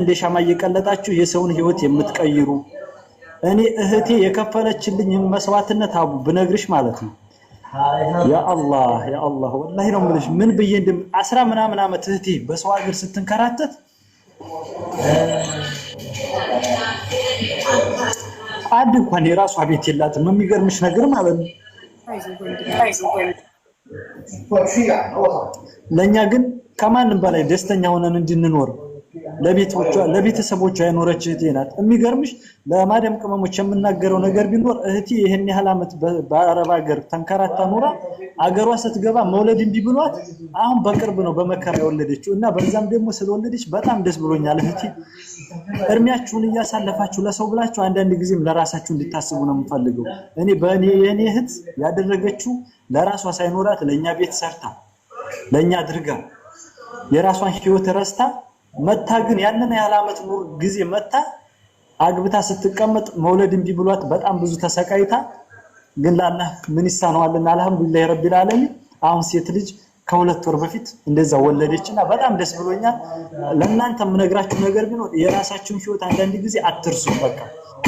እንደ ሻማ እየቀለጣችሁ የሰውን ህይወት የምትቀይሩ እኔ እህቴ የከፈለችልኝ መስዋዕትነት አቡ ብነግርሽ ማለት ነው። ያአላህ ያአላህ ወላሂ ነው የምልሽ። ምን ብዬ እንደ አስራ ምናምን ዓመት እህቴ በሰው ሀገር ስትንከራተት አንድ እንኳን የራሷ ቤት የላትም። የሚገርምሽ ነገር ማለት ነው። ለእኛ ግን ከማንም በላይ ደስተኛ ሆነን እንድንኖር ለቤተሰቦቿ የኖረች እህቴ ናት። የሚገርምሽ ለማዳም ቅመሞች የምናገረው ነገር ቢኖር እህቴ ይህን ያህል ዓመት በአረብ ሀገር ተንከራታ ኖራ አገሯ ስትገባ መውለድ እምቢ ብሏት አሁን በቅርብ ነው በመከራ የወለደችው እና በዛም ደግሞ ስለወለደች በጣም ደስ ብሎኛል። እህቴ እድሜያችሁን እያሳለፋችሁ ለሰው ብላችሁ አንዳንድ ጊዜም ለራሳችሁ እንድታስቡ ነው የምፈልገው። እኔ በእኔ የእኔ እህት ያደረገችው ለራሷ ሳይኖራት ለእኛ ቤት ሰርታ ለእኛ አድርጋ የራሷን ህይወት ረስታ መታ ግን ያንን ያህል ዓመት ኑር ጊዜ መታ አግብታ ስትቀመጥ መውለድ እምቢ ብሏት በጣም ብዙ ተሰቃይታ ግን ላላህ ምን ይሳነዋልና አልሐምዱሊላህ ረቢል ዓለሚን አሁን ሴት ልጅ ከሁለት ወር በፊት እንደዛ ወለደችና በጣም ደስ ብሎኛል። ለእናንተ የምነግራችሁ ነገር ቢኖር የራሳችሁን ህይወት አንዳንድ ጊዜ አትርሱ። በቃ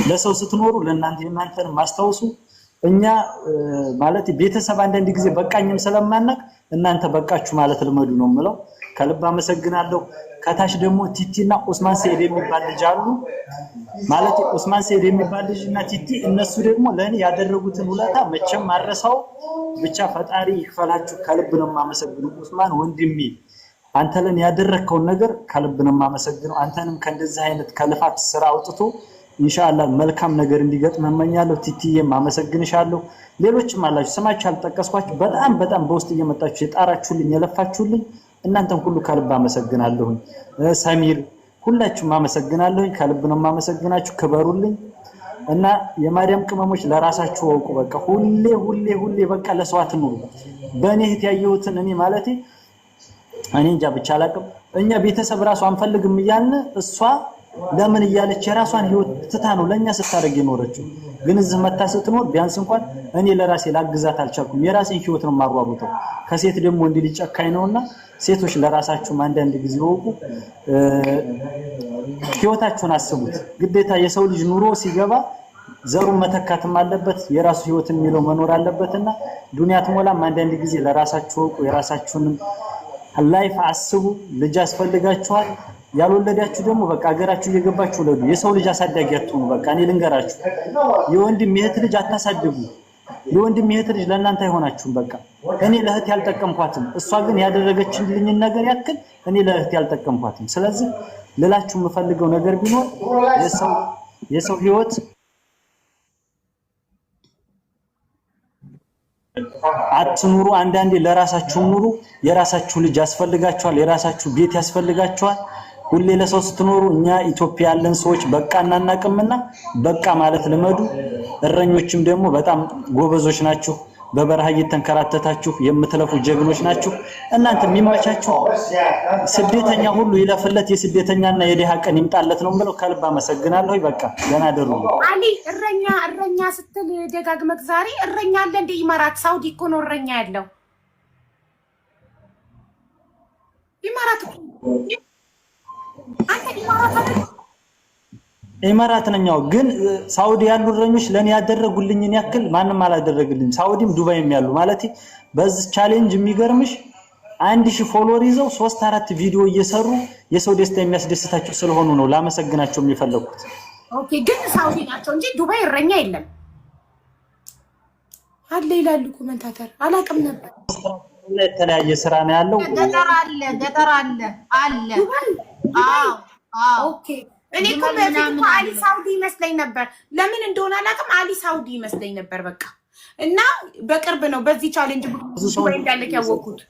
ለሰው ስትኖሩ ለእናንተ የእናንተን ማስታወሱ እኛ ማለት ቤተሰብ አንዳንድ ጊዜ በቃኝም ስለማናቅ እናንተ በቃችሁ ማለት ልመዱ ነው የምለው። ከልብ አመሰግናለሁ። ከታች ደግሞ ቲቲና ኡስማን ሰይድ የሚባል ልጅ አሉ። ማለት ኡስማን ሰይድ የሚባል ልጅ እና ቲቲ እነሱ ደግሞ ለእኔ ያደረጉትን ውለታ መቼም ማረሳው። ብቻ ፈጣሪ ይክፈላችሁ። ከልብ ነው የማመሰግነው። ኡስማን ወንድሜ አንተ ለእኔ ያደረግከውን ነገር ከልብ ነው የማመሰግነው። አንተንም ከእንደዚህ አይነት ከልፋት ስራ አውጥቶ ኢንሻአላህ መልካም ነገር እንዲገጥም እመኛለሁ። ቲቲዬም አመሰግንሻለሁ። ሌሎችም አላችሁ ስማችሁ አልጠቀስኳችሁ። በጣም በጣም በውስጥ እየመጣችሁ የጣራችሁልኝ የለፋችሁልኝ እናንተም ሁሉ ከልብ አመሰግናለሁኝ። ሰሚር ሁላችሁም አመሰግናለሁኝ። ከልብ ነው የማመሰግናችሁ። ክበሩልኝ እና የማርያም ቅመሞች ለራሳችሁ ወቁ። በቃ ሁሌ ሁሌ ሁሌ በቃ ለሰዋት አትኑሩ። በእኔ እህት ያየሁትን እኔ ማለቴ እኔ እንጃ ብቻ አላቅም። እኛ ቤተሰብ ራሱ አንፈልግም እያልን እሷ ለምን እያለች የራሷን ህይወት ትታ ነው ለእኛ ስታደርግ የኖረችው። ግን እዚህ መታ ስትኖር ቢያንስ እንኳን እኔ ለራሴ ላግዛት አልቻልኩም። የራሴን ህይወት ነው የማሯሩጠው። ከሴት ደግሞ እንዲህ ሊጨካኝ ነውና ሴቶች ለራሳችሁም አንዳንድ ጊዜ ወቁ፣ ህይወታችሁን አስቡት። ግዴታ የሰው ልጅ ኑሮ ሲገባ ዘሩን መተካትም አለበት የራሱ ህይወት የሚለው መኖር አለበት እና ዱንያ ትሞላም። አንዳንድ ጊዜ ለራሳችሁ ወቁ፣ የራሳችሁንም ላይፍ አስቡ። ልጅ ያስፈልጋችኋል። ያልወለዳችሁ ደግሞ በቃ ሀገራችሁ እየገባችሁ ወለዱ። የሰው ልጅ አሳዳጊ አትሆኑ። በቃ እኔ ልንገራችሁ፣ የወንድም የእህት ልጅ አታሳድጉ። የወንድም የእህት ልጅ ለእናንተ አይሆናችሁም። በቃ እኔ ለእህት ያልጠቀምኳትም፣ እሷ ግን ያደረገችልኝን ነገር ያክል እኔ ለእህት ያልጠቀምኳትም። ስለዚህ ልላችሁ የምፈልገው ነገር ቢኖር የሰው የሰው ህይወት አትኑሩ። አንዳንዴ ለራሳችሁ ኑሩ። የራሳችሁ ልጅ ያስፈልጋችኋል። የራሳችሁ ቤት ያስፈልጋችኋል። ሁሌ ለሰው ስትኖሩ እኛ ኢትዮጵያ ያለን ሰዎች በቃ እናናቅምና በቃ ማለት ልመዱ። እረኞችም ደግሞ በጣም ጎበዞች ናችሁ። በበረሃ እየተንከራተታችሁ የምትለፉ ጀግኖች ናችሁ። እናንተ የሚማቻችሁ ስደተኛ ሁሉ ይለፍለት፣ የስደተኛና የድሃ ቀን ይምጣለት ነው ብለው ከልብ አመሰግናለሁ። በቃ ገና ደሩ አሊ እረኛ እረኛ ስትል ደጋግመት ዛሬ እረኛ አለ እንደ ኢማራት ሳውዲ እኮ ነው እረኛ ያለው ኢማራት ኢማራት ነኛው ግን ሳውዲ ያሉ እረኞች ለኔ ያደረጉልኝን ያክል ማንም አላደረግልኝ። ሳውዲም ዱባይም ያሉ ማለት በዚህ ቻሌንጅ የሚገርምሽ አንድ ሺህ ፎሎወር ይዘው ሶስት አራት ቪዲዮ እየሰሩ የሰው ደስታ የሚያስደስታቸው ስለሆኑ ነው ላመሰግናቸው የሚፈለጉት። ኦኬ ግን ሳውዲ ናቸው እንጂ ዱባይ እረኛ የለም አለ ይላሉ ኮመንታተር። አላውቅም ነበር። የተለያየ ስራ ነው ያለው። ገጠር አለ ገጠር አለ አለ አዎ ኦኬ እኔ እኮ በፊት እኮ አሊ ሳውዲ ይመስለኝ ነበር። ለምን እንደሆነ አላውቅም። አሊ ሳውዲ ይመስለኝ ነበር በቃ እና በቅርብ ነው በዚህ ቻሌንጅ ወይ እንዳለክ ያወቅኩት።